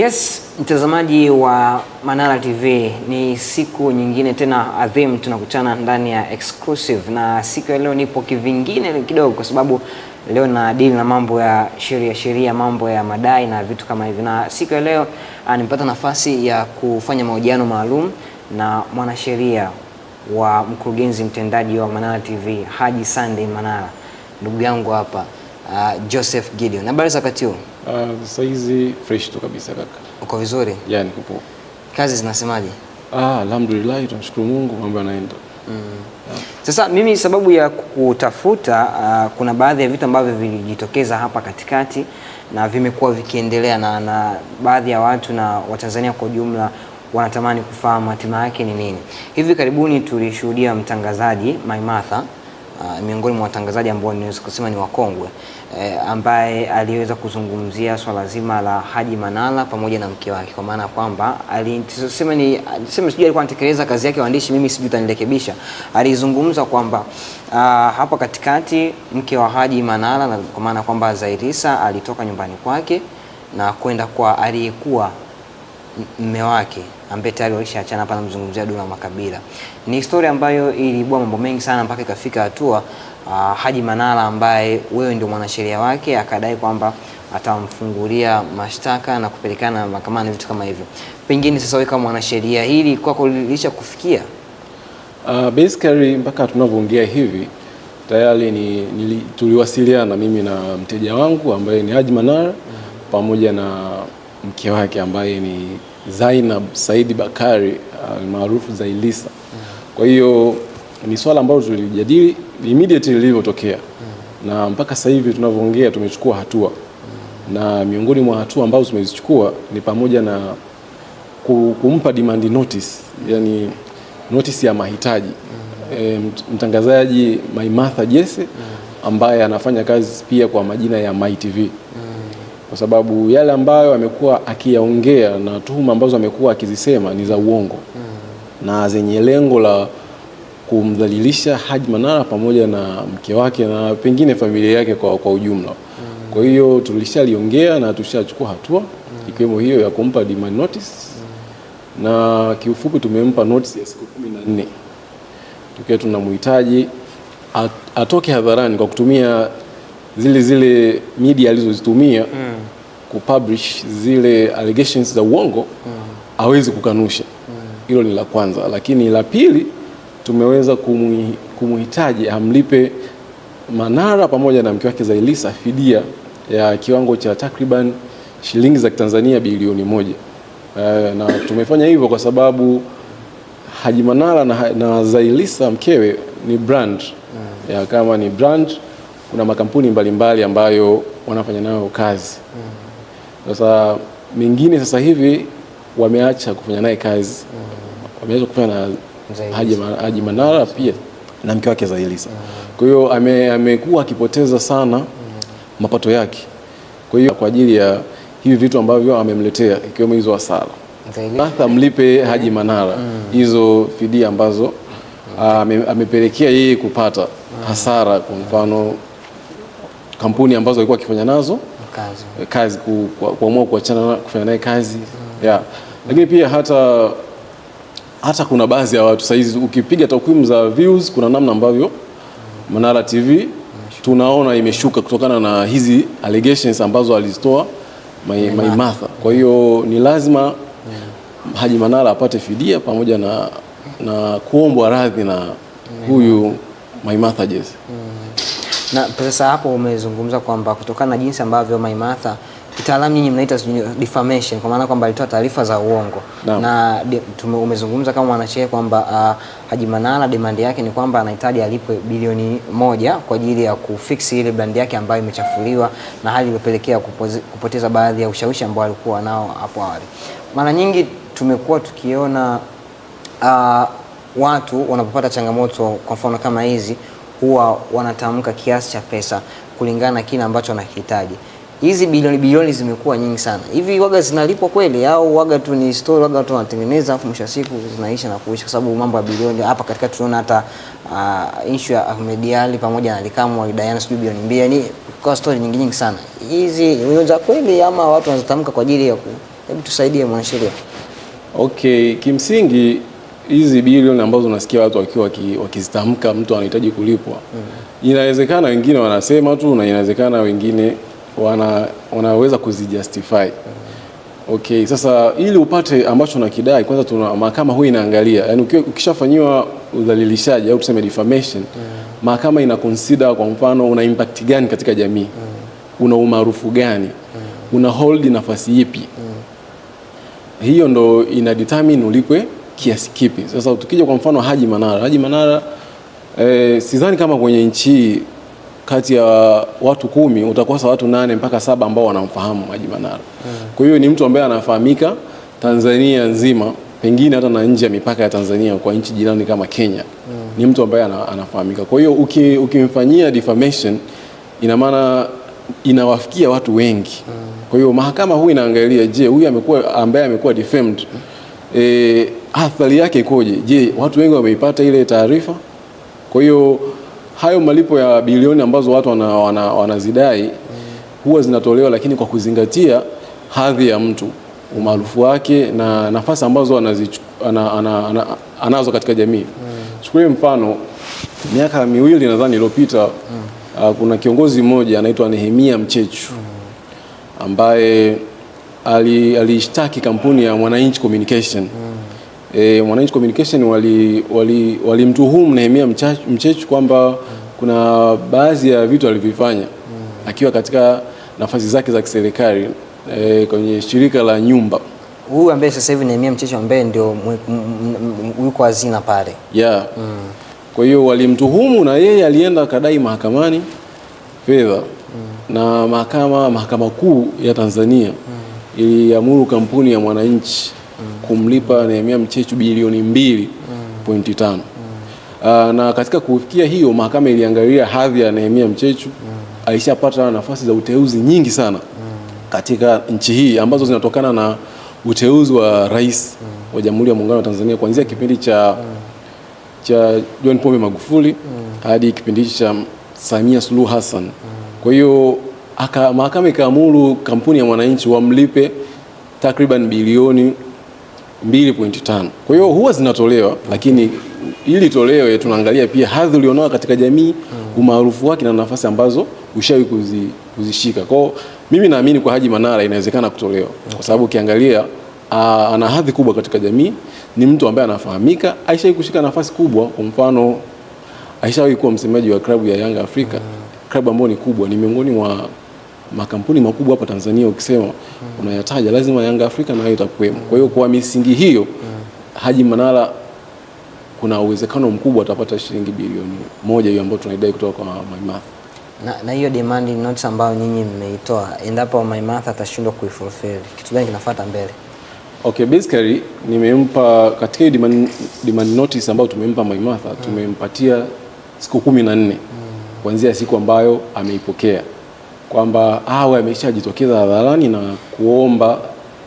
Yes, mtazamaji wa Manara TV, ni siku nyingine tena adhimu tunakutana ndani ya exclusive, na siku ya leo nipo kivingine kidogo, kwa sababu leo na deal na mambo ya sheria sheria, mambo ya madai na vitu kama hivyo na siku ya leo ah, nimepata nafasi ya kufanya mahojiano maalum na mwanasheria wa mkurugenzi mtendaji wa Manara TV Haji Sunday Manara, ndugu yangu hapa, uh, Joseph Gideon. Habari za wakati huu? Uh, ah, sasa hizi fresh tu kabisa kaka. Uko vizuri? Yani upo. Kazi zinasemaje? Ah, alhamdulillah tunashukuru Mungu mambo yanaenda. Mm. Yeah. Sasa mimi sababu ya kutafuta? Uh, ah, kuna baadhi ya vitu ambavyo vilijitokeza hapa katikati na vimekuwa vikiendelea na, na baadhi ya watu na Watanzania kwa ujumla wanatamani kufahamu hatima yake ni nini. Hivi karibuni tulishuhudia mtangazaji Maimatha uh, ah, miongoni mwa watangazaji ambao niweza kusema ni wakongwe eh, ambaye aliweza kuzungumzia swala zima la Haji Manara pamoja na mke wake, kwa maana kwamba alisema ni sema, sijui alikuwa anatekeleza kazi yake waandishi, mimi sijui utanirekebisha. Alizungumza kwamba ah, hapa katikati mke wa Haji Manara, kwa maana kwamba Zailisa alitoka nyumbani kwake na kwenda kwa aliyekuwa mme wake ambaye tayari walishaachana. Hapa namzungumzia Dula Makabila. Ni historia ambayo iliibua mambo mengi sana mpaka ikafika hatua uh, Haji Manara ambaye wewe ndio mwanasheria wake akadai kwamba atamfungulia mashtaka na kupelekana mahakamani, vitu kama hivyo. Pengine sasa wewe kama mwanasheria, hili kwako lilisha kufikia? Uh, basically mpaka tunavyoongea hivi tayari ni, ni, tuliwasiliana mimi na mteja wangu ambaye ni Haji Manara mm -hmm. pamoja na mke wake ambaye ni Zainab Saidi Bakari ah, almaarufu Zailisa. Kwa hiyo ni swala ambalo tulijadili immediately lilivyotokea na mpaka sasa hivi tunavyoongea tumechukua hatua na miongoni mwa hatua ambazo tumezichukua ni pamoja na kumpa demand notice, yani notice ya mahitaji e, mtangazaji Maimartha Jesse ambaye anafanya kazi pia kwa majina ya MyTV kwa sababu yale ambayo amekuwa akiyaongea na tuhuma ambazo amekuwa akizisema ni za uongo na zenye lengo la kumdhalilisha Haji Manara pamoja na mke wake na pengine familia yake kwa, kwa ujumla. Mm. Kwa hiyo tulishaliongea na tushachukua hatua mm. ikiwemo hiyo ya kumpa demand notice mm. na kiufupi tumempa notice ya siku kumi na nne tukiwa tunamhitaji atoke hadharani kwa kutumia zile zile media alizozitumia mm. kupublish zile allegations za uongo mm. awezi kukanusha hilo mm. ni la kwanza, lakini la pili tumeweza kumhitaji amlipe Manara pamoja na mke wake Zailisa fidia ya kiwango cha takriban shilingi za Tanzania bilioni moja. E, na tumefanya hivyo kwa sababu Haji Manara na, na Zailisa mkewe ni brand mm. ya, kama ni brand kuna makampuni mbalimbali mbali ambayo wanafanya nayo kazi mm. sasa mengine sasa hivi wameacha kufanya naye kazi mm. wameacha kufanya na Haji Manara pia na mke wake Zailisa. Mm. Kwa hiyo amekuwa akipoteza sana mm. mapato yake, kwa hiyo kwa ajili ya hivi vitu ambavyo amemletea ikiwemo hizo hasara, sasa mlipe Haji Manara mm. hizo fidia ambazo amepelekea yeye kupata hasara, kwa mfano kampuni ambazo alikuwa akifanya nazo kazi, kuamua kuachana kufanya naye kazi, yeah. Lakini pia hata hata kuna baadhi ya watu saizi ukipiga takwimu za views, kuna namna ambavyo Manara TV tunaona imeshuka kutokana na hizi allegations ambazo alizitoa maimatha Kwa hiyo ni lazima Haji Manara apate fidia pamoja na, na kuombwa radhi na huyu Maimartha Jesse. Mm. Na pesa hapo umezungumza kwamba kutokana na jinsi ambavyo Maimartha kitaalamu nyinyi mnaita defamation kwa maana kwamba alitoa taarifa za uongo na, na umezungumza kama mwanasheria kwamba uh, Haji Manara demand yake ni kwamba anahitaji alipwe bilioni moja kwa ajili ya kufix ile brand yake ambayo imechafuliwa na hali iliyopelekea kupoteza baadhi ya ushawishi ambao alikuwa nao hapo awali. Mara nyingi tumekuwa tukiona uh, watu wanapopata changamoto kwa mfano kama hizi huwa wanatamka kiasi cha pesa kulingana na kile ambacho wanakihitaji hizi bilioni bilioni zimekuwa nyingi sana hivi, waga zinalipwa kweli au waga tu ni story, waga watu wanatengeneza afu mwisho siku zinaisha na kuisha, kwa sababu mambo ya bilioni hapa katika tunaona hata uh, issue ya Ahmed Ali pamoja na Likamu wa Diana sijui bilioni mbili, yani kwa story nyingi nyingi sana hizi, ni za kweli ama watu wanazitamka kwa ajili ya ku, hebu tusaidie mwanasheria. Okay, kimsingi hizi bilioni ambazo unasikia watu wakiwa wakizitamka, mtu anahitaji kulipwa mm. Inawezekana wengine wanasema tu na inawezekana wengine wana, wanaweza kuzijustify. Okay, sasa ili upate ambacho unakidai kwanza, tuna mahakama huwa inaangalia, yani, ukishafanyiwa udhalilishaji au tuseme defamation mm. mahakama ina consider kwa mfano una impact gani katika jamii mm. una umaarufu gani mm. una hold nafasi ipi mm. hiyo ndo ina determine ulipwe kiasi kipi. Sasa tukija kwa mfano Haji Manara, Haji Manara eh, sidhani kama kwenye nchi kati ya watu kumi utakosa watu nane mpaka saba ambao wanamfahamu Haji Manara mm. Kwa hiyo ni mtu ambaye anafahamika Tanzania nzima, pengine hata na nje ya mipaka ya Tanzania kwa nchi jirani kama Kenya mm. Ni mtu ambaye anafahamika, kwa hiyo ukimfanyia uki defamation, ina maana inawafikia watu wengi mm. Kwa hiyo mahakama huu inaangalia, je, huyu amekuwa ambaye amekuwa defamed mm. e, athari yake ikoje? Je, watu wengi wameipata ile taarifa? Kwa hiyo hayo malipo ya bilioni ambazo watu wanazidai wana, wana huwa zinatolewa lakini kwa kuzingatia hadhi ya mtu, umaarufu wake na nafasi ambazo anazichu, ana, ana, ana, anazo katika jamii. Mm. Chukulie mfano miaka miwili nadhani iliyopita mm. Uh, kuna kiongozi mmoja anaitwa Nehemia Mchechu mm. ambaye alishtaki ali kampuni ya Mwananchi Communication mm e, Mwananchi Communication walimtuhumu wali, wali Nehemia Mchechu kwamba kuna baadhi ya vitu alivyofanya akiwa katika nafasi zake za kiserikali e, kwenye shirika la nyumba huyu ambaye sasa hivi Nehemia Mchechu ambaye ndio yuko hazina pale yeah. mm. Kwa hiyo walimtuhumu na yeye alienda akadai mahakamani fedha mm. na mahakama mahakama kuu ya Tanzania mm. iliamuru kampuni ya Mwananchi kumlipa Nehemia Mchechu bilioni mbili pointi tano. Uh, na katika kufikia hiyo mahakama iliangalia hadhi ya Nehemia Mchechu. alishapata nafasi za uteuzi nyingi sana katika nchi hii ambazo zinatokana na uteuzi wa rais wa Jamhuri ya Muungano wa Tanzania kuanzia kipindi cha cha John Pombe Magufuli hadi kipindi cha Samia Suluhu Hassan. Kwa hiyo mahakama ikaamuru kampuni ya Mwananchi wamlipe takriban bilioni 2.5. Kwa hiyo huwa zinatolewa, lakini ili tolewe tunaangalia pia hadhi ulionao katika jamii, umaarufu wake na nafasi ambazo ushawi kuzi, kuzishika. Kwa mimi naamini kwa Haji Manara inawezekana kutolewa kwa sababu ukiangalia ana hadhi kubwa katika jamii, ni mtu ambaye anafahamika, aishawahi kushika nafasi kubwa. Kwa mfano aishawahi kuwa msemaji wa klabu ya Yanga Afrika, klabu ambayo ni kubwa, ni miongoni mwa makampuni makubwa hapa Tanzania ukisema mm. unayataja lazima Yanga Afrika nayo itakuwemo. Kwa hiyo kwa misingi hiyo, mm. Haji Manara kuna uwezekano mkubwa atapata shilingi bilioni moja hiyo ambayo tunaidai kutoka kwa Maimath. na, na hiyo demand notes ambayo nyinyi mmeitoa, endapo Maimath atashindwa kuifulfill, kitu gani kinafuata mbele? Okay, basically nimempa katika demand, demand notice ambayo tumempa Maimath mm. tumempatia siku kumi na nne mm. kuanzia siku ambayo ameipokea mm kwamba awe ah, ameshajitokeza hadharani na kuomba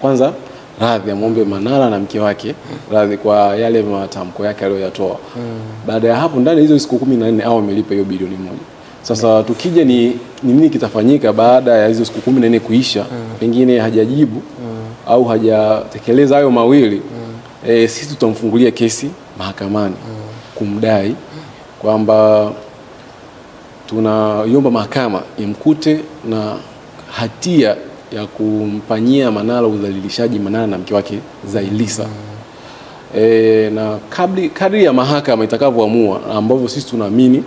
kwanza radhi, amwombe Manara na mke wake radhi kwa yale matamko yake aliyoyatoa. Hmm. Baada ya hapo ndani hizo siku kumi na nne au amelipa hiyo bilioni moja. Sasa tukija ni, ni nini kitafanyika baada ya hizo siku kumi na nne kuisha? Mm. Pengine hajajibu mm. au hajatekeleza hayo mawili mm. E, sisi tutamfungulia kesi mahakamani mm. kumdai kwamba tunaiomba mahakama imkute na hatia ya kumfanyia Manara udhalilishaji Manara na mke wake Zailisa. Mm. E, na kabli, kadri ya mahakama itakavyoamua ambavyo sisi tunaamini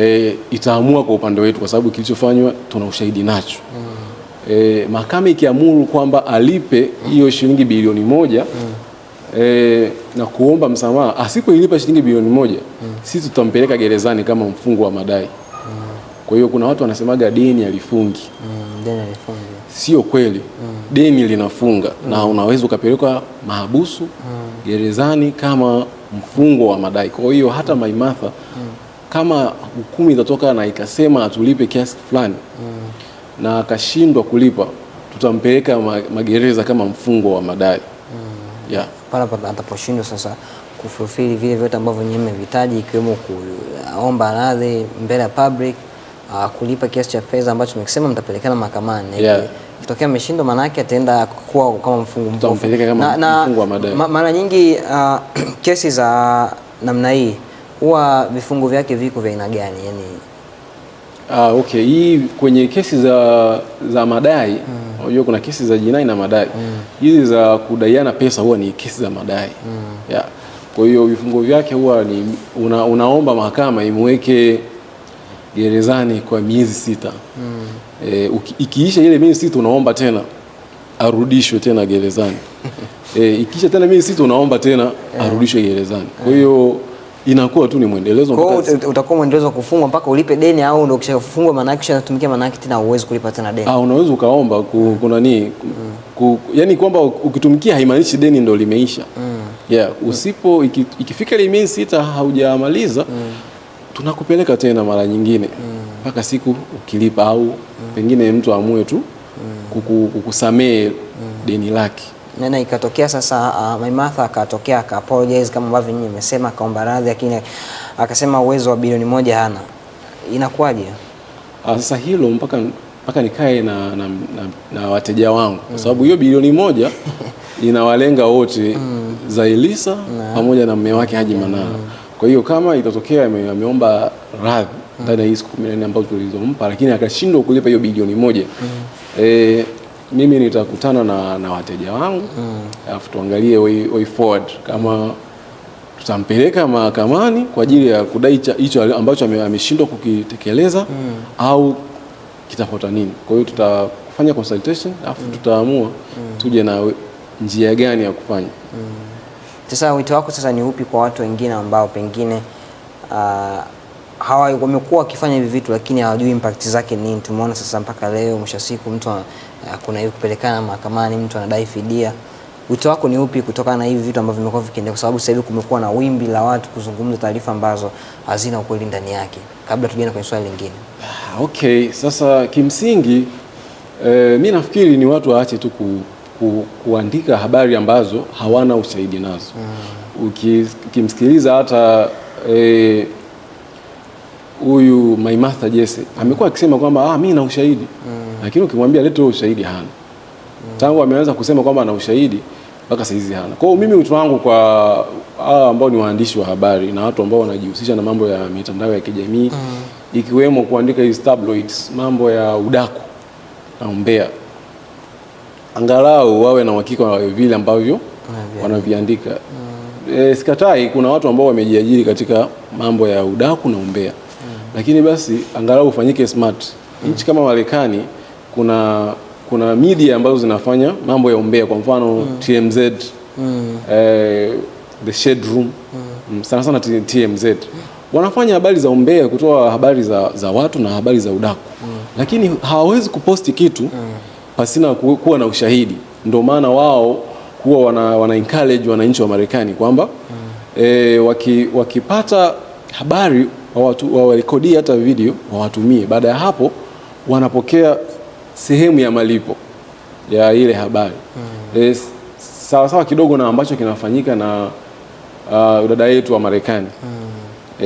e, itaamua kwa upande wetu, kwa sababu kilichofanywa tuna ushahidi nacho. Mm. E, mahakama ikiamuru kwamba alipe hiyo shilingi bilioni moja mm e, na kuomba msamaha, asipoilipa ah, shilingi bilioni moja mm. sisi tutampeleka gerezani kama mfungo wa madai mm. Kwa hiyo kuna watu wanasemaga deni alifungi mm, sio kweli mm. Deni linafunga mm. na hmm. unaweza ukapelekwa mahabusu mm. gerezani kama mfungo wa madai. Kwa hiyo hata hmm. Maimartha mm. kama hukumu itatoka na ikasema atulipe kiasi fulani mm. na akashindwa kulipa, tutampeleka magereza kama mfungo wa madai mm. yeah pale atakaposhindwa sasa kufulfili vile vyote ambavyo nyewe mmevitaji ikiwemo kuomba radhi mbele ya public, uh, kulipa kiasi cha pesa ambacho mkisema mtapelekana mahakamani. Yeah. Kitokea ameshindwa maana yake ataenda kuwa kama mfungu mbovu. Na, na mara nyingi uh, kesi za namna hii huwa vifungu vyake viko vya aina gani? yani, Ah, okay. Hii kwenye kesi za za madai hmm. unajua, mm. kuna kesi za jinai na madai hmm. hizi mm. za kudaiana pesa huwa ni kesi za madai mm. yeah. Kwa hiyo vifungo vyake huwa ni una, unaomba mahakama imweke gerezani kwa miezi sita mm. E, ikiisha ile miezi sita unaomba tena arudishwe tena gerezani. E, ikiisha tena miezi sita unaomba tena eh. arudishwe gerezani. Kwa hiyo yeah inakuwa tu ni mwendelezo. Kwa hiyo utakuwa mwendelezo wa kufungwa mpaka ulipe deni, au ndio ukishafungwa maana yake unatumikia, maana yake tena uwezi kulipa tena deni? Ah, unaweza ukaomba ku, kuna nini mm. ku, yani kwamba ukitumikia haimaanishi deni ndio limeisha mm. yeah, usipo mm. iki, ikifika ile miezi sita haujamaliza mm. tunakupeleka tena mara nyingine mm. mpaka mm. siku ukilipa au mm. pengine mtu amue tu mm. kukusamee mm. deni lake nena ikatokea sasa, uh, ah, Maimartha akatokea aka apologize kama ambavyo nyinyi mmesema, akaomba radhi, lakini akasema uwezo wa bilioni moja hana. Inakuwaje ah, sasa hilo mpaka mpaka nikae na, na, na, na wateja wangu kwa sababu hiyo bilioni moja inawalenga wote mm. pamoja na mume wake Haji mm. Manara mm. Kwa hiyo kama itatokea ameomba radhi ndani mm. ya hii siku kumi ambazo tulizompa, lakini akashindwa kulipa hiyo bilioni moja mm. E, mimi nitakutana na, na wateja wangu hmm. alafu mm. tuangalie way, way forward kama tutampeleka mahakamani kwa ajili ya kudai hicho ambacho ameshindwa kukitekeleza mm. au kitafuata nini. Kwa hiyo tutafanya consultation alafu mm. tutaamua mm. tuje na njia gani ya kufanya mm. Sasa wito wako sasa ni upi kwa watu wengine ambao pengine uh, hawa wamekuwa wakifanya hivi vitu lakini hawajui impact zake nini. Tumeona sasa mpaka leo mwisho siku mtu kuna hiyo kupelekana mahakamani, mtu anadai fidia. Wito wako ni upi kutokana na hivi vitu ambavyo vimekuwa vikiendelea? Kwa sababu sasa hivi kumekuwa na wimbi la watu kuzungumza taarifa ambazo hazina ukweli ndani yake, kabla tujaenda kwenye swali lingine. Ah, okay, sasa kimsingi eh, mi nafikiri ni watu waache tu ku, ku, kuandika habari ambazo hawana ushahidi nazo. Mm. Ukimsikiliza hata eh, huyu Maimartha Jesse amekuwa akisema kwamba ah, mimi na ushahidi mm. lakini ukimwambia leta ushahidi hana mm. tangu ameanza kusema kwamba ana ushahidi mpaka hizi hana. Kwa hiyo mimi wito wangu kwa hawa ambao ni waandishi wa habari na watu ambao wanajihusisha na mambo ya mitandao ya kijamii mm. ikiwemo kuandika hizi tabloids, mambo ya udaku na umbea, angalau wawe na uhakika wa vile ambavyo wanaviandika. Mm. E, sikatai kuna watu ambao wamejiajiri katika mambo ya udaku na umbea lakini basi angalau ufanyike smart. Nchi kama Marekani kuna kuna media ambazo zinafanya mambo ya umbea, kwa mfano mm. TMZ mm. Eh, the shade room mm. mm sana sana TMZ wanafanya habari za umbea, kutoa habari za, za watu na habari za udaku mm. lakini hawawezi kuposti kitu mm. pasina kuwa na ushahidi. Ndio maana wao huwa wana, wana encourage wananchi wa Marekani kwamba mm. eh, waki, wakipata habari wawarekodie hata video wawatumie. Baada ya hapo, wanapokea sehemu ya malipo ya ile habari mm. E, eh, sawasawa kidogo na ambacho kinafanyika na uh, dada yetu wa Marekani mm.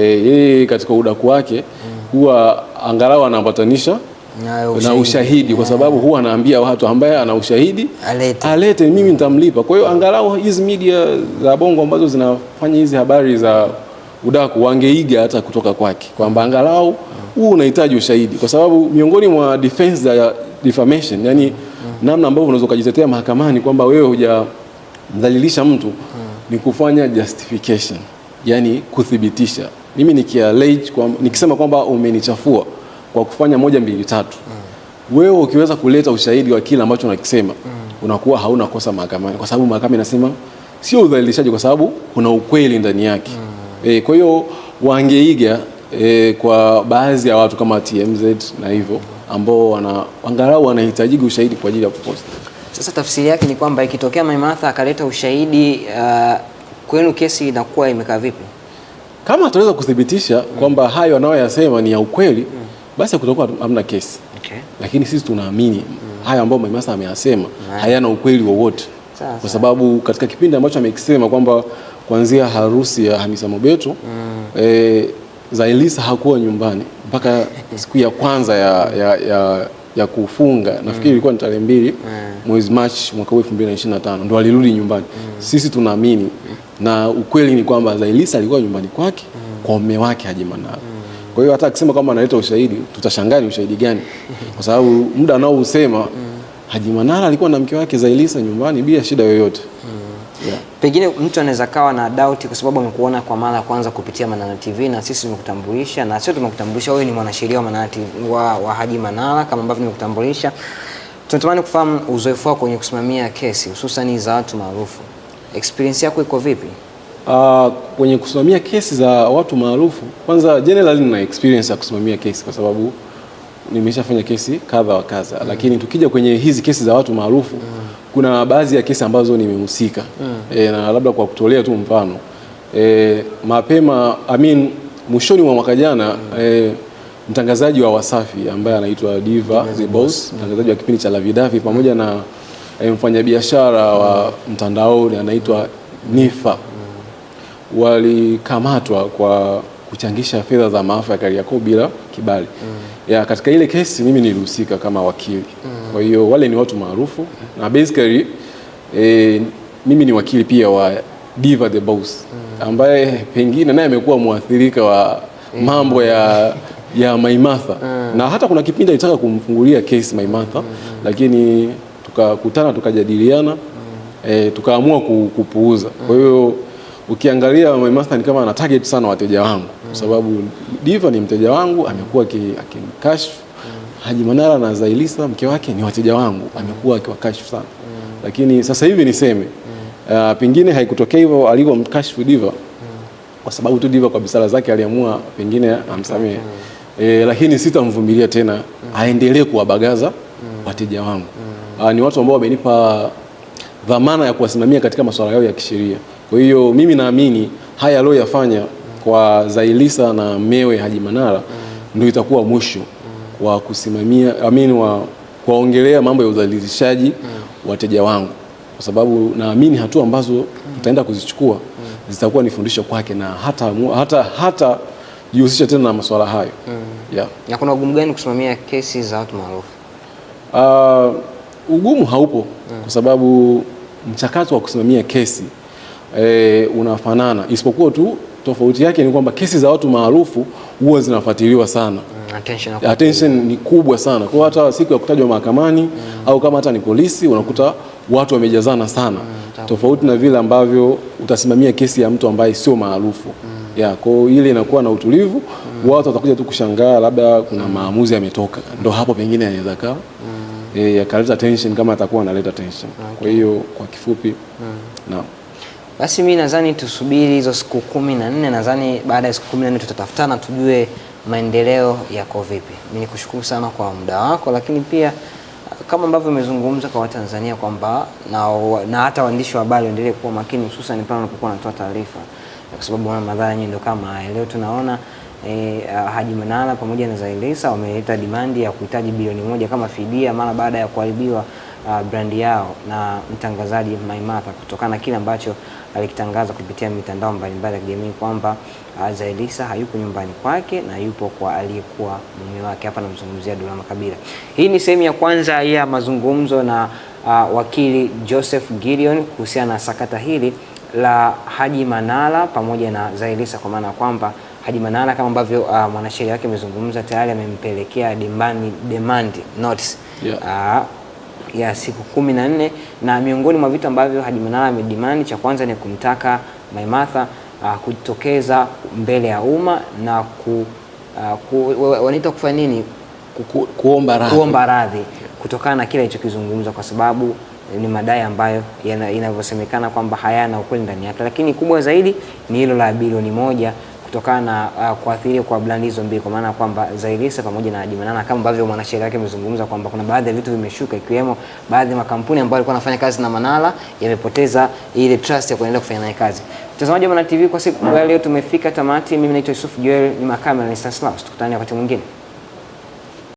yeye e, katika udaku wake mm. huwa angalau anaambatanisha na ushahidi, ushahidi kwa sababu huwa anaambia watu ambaye ana ushahidi alete, alete mimi nitamlipa. Kwa hiyo angalau hizi media za bongo ambazo zinafanya hizi habari za udaku wangeiga hata kutoka kwake kwamba angalau huu unahitaji ushahidi, kwa sababu miongoni mwa defense ya defamation, yani namna ambavyo unaweza ukajitetea mahakamani kwamba wewe hujamdhalilisha mtu ni kufanya justification, yani kuthibitisha. Mimi nikialege kwa, nikisema kwamba umenichafua kwa kufanya moja mbili tatu, wewe ukiweza kuleta ushahidi wa kile ambacho unakisema unakuwa hauna kosa mahakamani, kwa sababu mahakama inasema sio udhalilishaji, kwa sababu kuna ukweli ndani yake. mm. E, kwa hiyo wangeiga e, kwa baadhi ya watu kama TMZ na hivyo ambao wana angalau wanahitaji ushahidi kwa ajili ya kuposti. Sasa tafsiri yake ni kwamba ikitokea Maimartha akaleta ushahidi uh, kwenu kesi inakuwa imekaa vipi? Kama tunaweza kuthibitisha mm. kwamba hayo anayoyasema ni ya ukweli mm. basi kutakuwa hamna kesi okay. Lakini sisi tunaamini mm. hayo ambayo Maimartha ameyasema hayana ukweli wowote, kwa sababu katika kipindi ambacho amekisema kwamba kuanzia harusi ya Hamisa Mobeto mm. e, Zailisa hakuwa nyumbani mpaka siku ya kwanza ya, ya, ya, ya kufunga mm. nafikiri ilikuwa ni tarehe mbili mm. mwezi Machi mwaka 2025 ndo alirudi nyumbani mm. sisi tunaamini na ukweli ni kwamba Zailisa alikuwa nyumbani kwake mm. kwa mume wake Haji Manara mm. kwa hiyo hata akisema kama analeta ushahidi tutashangaa ni ushahidi gani kwa sababu muda anaousema mm. Haji Manara alikuwa na mke wake Zailisa nyumbani bila shida yoyote yeah. Pengine mtu anaweza kawa na doubt kwa sababu amekuona kwa mara ya kwanza kupitia Manara TV na sisi tumekutambulisha na sio tumekutambulisha wewe ni mwanasheria wa Manara TV wa, wa Haji Manara kama ambavyo nimekutambulisha. Tunatamani kufahamu uzoefu wako kwenye kusimamia kesi hususan za watu maarufu. Experience yako iko vipi? Uh, kwenye kusimamia kesi za watu maarufu, kwanza generally nina experience ya kusimamia kesi kwa sababu nimeshafanya kesi kadha wa kadha, mm. Lakini tukija kwenye hizi kesi za watu maarufu mm kuna baadhi ya kesi ambazo nimehusika mm. E, na labda kwa kutolea tu mfano e, mapema I mean, mwishoni mwa mwaka jana mm. e, mtangazaji wa Wasafi ambaye anaitwa Diva mm. the Boss mtangazaji wa kipindi cha Lavidafi pamoja na e, mfanyabiashara mm. wa hmm. mtandaoni anaitwa Nifa mm. walikamatwa kwa kuchangisha fedha za maafa ya Kariakoo bila kibali. Mm. Ya, katika ile kesi mimi nilihusika kama wakili. Mm. Kwa hiyo wale ni watu maarufu mm. na basically e, mimi ni wakili pia wa Diva the Boss mm. ambaye pengine naye amekuwa mwathirika wa mm. mambo ya ya Maimatha mm. na hata kuna kipindi nilitaka kumfungulia kesi Maimatha mm. lakini tukakutana tukajadiliana mm. e, tukaamua kupuuza. mm. Kwa hiyo ukiangalia Maimatha ni kama ana target sana wateja wangu kwa sababu Diva ni mteja wangu, amekuwa akinikashfu. Haji Manara na Zailisa mke wake ni wateja wangu, amekuwa akiwakashfu sana, mm. lakini sasa hivi niseme mm. uh, pengine haikutokea hivyo alivyomkashfu Diva mm. kwa sababu tu Diva kwa bisara zake aliamua pengine amsamehe. E, lakini sitamvumilia tena mm. aendelee kuwabagaza mm. wateja wangu. mm. Uh, ni watu ambao wamenipa dhamana ya kuwasimamia katika masuala yao ya kisheria. Kwa hiyo mimi naamini haya aliyoyafanya kwa Zailisa na mewe Haji Manara ndio itakuwa mwisho wa kusimamia amini wa kuwaongelea mambo ya udhalilishaji wateja wangu, kwa sababu naamini hatua ambazo tutaenda kuzichukua zitakuwa ni fundisho kwake na hata hata hata jihusisha tena na masuala hayo. Mm. Yeah. Na kuna ugumu gani kusimamia kesi za watu maarufu? Uh, ugumu haupo mm. kwa sababu mchakato wa kusimamia kesi e, unafanana isipokuwa tu Tofauti yake ni kwamba kesi za watu maarufu huwa zinafuatiliwa sana, mm, attention, attention ni kubwa sana. Kwa hata siku ya kutajwa mahakamani mm. au kama hata ni polisi unakuta watu wamejazana sana mm, tofauti na vile ambavyo utasimamia kesi ya mtu ambaye sio maarufu mm. ya kwa ile inakuwa na utulivu mm. watu watakuja tu kushangaa labda kuna mm. maamuzi yametoka, ndo hapo pengine anaweza kaa mm. e, yakaleta tension kama atakuwa analeta tension okay. Kwa hiyo kwa kifupi mm. na basi mi nadhani tusubiri hizo siku kumi na nne. Nadhani baada ya siku kumi na nne tutatafutana tujue maendeleo yako vipi. Mi nikushukuru sana kwa muda wako, lakini pia kama ambavyo umezungumza kwa Watanzania kwamba na, na hata waandishi wa habari waendelee kuwa makini, hususan pale unapokuwa unatoa taarifa, kwa sababu na madhara yenyewe ndio kama haya. Leo tunaona eh, Haji Manara pamoja na Zailisa wameleta dimandi ya kuhitaji bilioni moja kama fidia mara baada ya kuharibiwa uh, brandi yao na mtangazaji Maimartha kutokana na kile ambacho alikitangaza kupitia mitandao mbalimbali ya kijamii kwamba uh, Zaiylissa hayupo nyumbani kwake na yupo kwa aliyekuwa mume wake. Hapa namzungumzia Dulla Makabila. Hii ni sehemu ya kwanza ya mazungumzo na uh, wakili Joseph Gideon kuhusiana na sakata hili la Haji Manara pamoja na Zaiylissa kwa maana ya kwamba Haji Manara kama ambavyo uh, mwanasheria wake amezungumza tayari amempelekea demandi, demand notice yeah. uh, ya siku kumi na nne na miongoni mwa vitu ambavyo Haji Manara amedimani, cha kwanza ni kumtaka Maimartha uh, ah, kujitokeza mbele ya umma na ku, uh, ku, wanaita kufanya nini radhi, kuomba radhi kutokana na kile alichokizungumza, kwa sababu ni madai ambayo inavyosemekana kwamba hayana ukweli ndani yake, lakini kubwa zaidi ni hilo la bilioni moja kutokana na uh, kuathiri kwa brand hizo mbili, kwa maana kwamba zairisa pamoja na Jimanana kama ambavyo mwanasheria wake amezungumza kwamba kuna baadhi ya vitu vimeshuka, ikiwemo baadhi ya makampuni ambayo alikuwa anafanya kazi na Manara yamepoteza ile trust ya kuendelea kufanya naye kazi. Mtazamaji wa Manara TV, kwa siku ya leo tumefika tamati. Mimi naitwa Yusuf Joel, ni makamera ni Stanislaus, tukutane wakati mwingine.